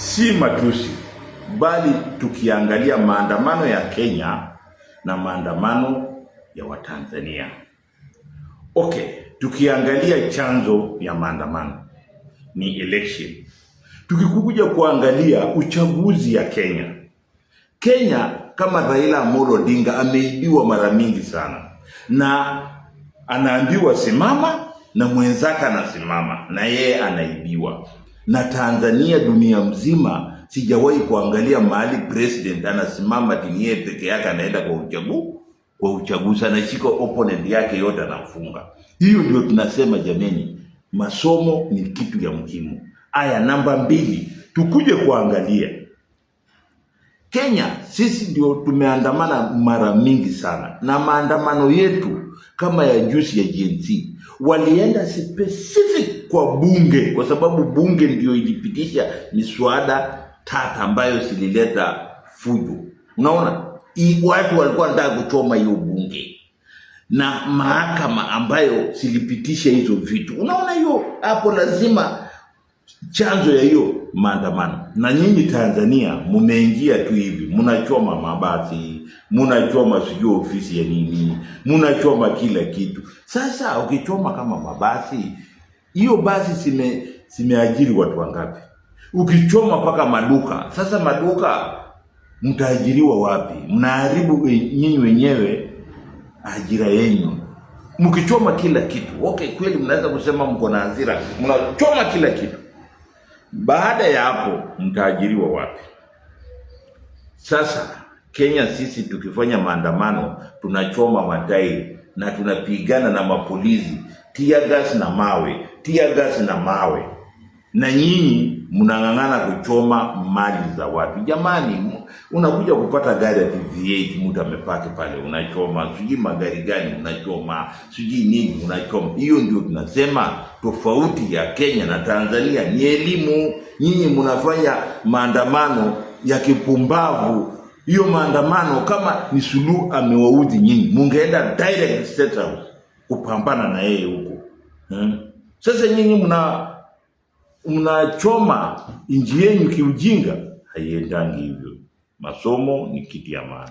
si matusi, bali tukiangalia maandamano ya Kenya na maandamano ya Watanzania. Okay, tukiangalia chanzo ya maandamano ni election. Tukikuja kuangalia uchaguzi ya Kenya, Kenya kama Raila Amolo Odinga ameibiwa mara mingi sana, na anaambiwa simama na mwenzake anasimama na yeye anaibiwa na Tanzania dunia mzima, sijawahi kuangalia mahali president anasimama dini yeye peke yake anaenda kwa uchaguzi kwa uchaguzi, anashika opponent yake yote anafunga Hiyo ndio tunasema jameni, masomo ni kitu ya muhimu. Aya, namba mbili, tukuje kuangalia Kenya. Sisi ndio tumeandamana mara mingi sana, na maandamano yetu kama ya juzi ya GNC walienda specific kwa bunge, kwa sababu bunge ndio ilipitisha miswada tata ambayo silileta fujo. Unaona, watu walikuwa wanataka kuchoma hiyo bunge na mahakama ambayo silipitisha hizo vitu. Unaona hiyo hapo, lazima chanzo ya hiyo maandamano. Na nyinyi Tanzania mumeingia tu hivi, mnachoma mabasi, mnachoma sijui ofisi ya nini, mnachoma kila kitu. Sasa ukichoma kama mabasi, hiyo basi sime simeajiri watu wangapi? Ukichoma mpaka maduka, sasa maduka mtaajiriwa wapi? Mnaharibu eh, nyinyi wenyewe ajira yenu mkichoma kila kitu. Okay, kweli mnaweza kusema mko na hasira, mnachoma kila kitu. Baada ya hapo mtaajiriwa wapi? Sasa Kenya sisi tukifanya maandamano tunachoma matairi na tunapigana na mapolisi, tia gas na mawe, tia gas na mawe na nyinyi mnang'ang'ana kuchoma mali za watu. Jamani, unakuja kupata gari ya TV8 mtu amepaki pale unachoma, sijui magari gani unachoma, sijui nini unachoma. Hiyo ndio tunasema tofauti ya Kenya na Tanzania ni elimu. Nyinyi mnafanya maandamano ya kipumbavu. Hiyo maandamano kama ni Suluhu amewaudhi nyinyi, mungeenda direct State House kupambana na yeye huko hmm. Sasa nyinyi mna mnachoma inji yenu kiujinga, haiendangi hivyo. Masomo ni kitu ya maana.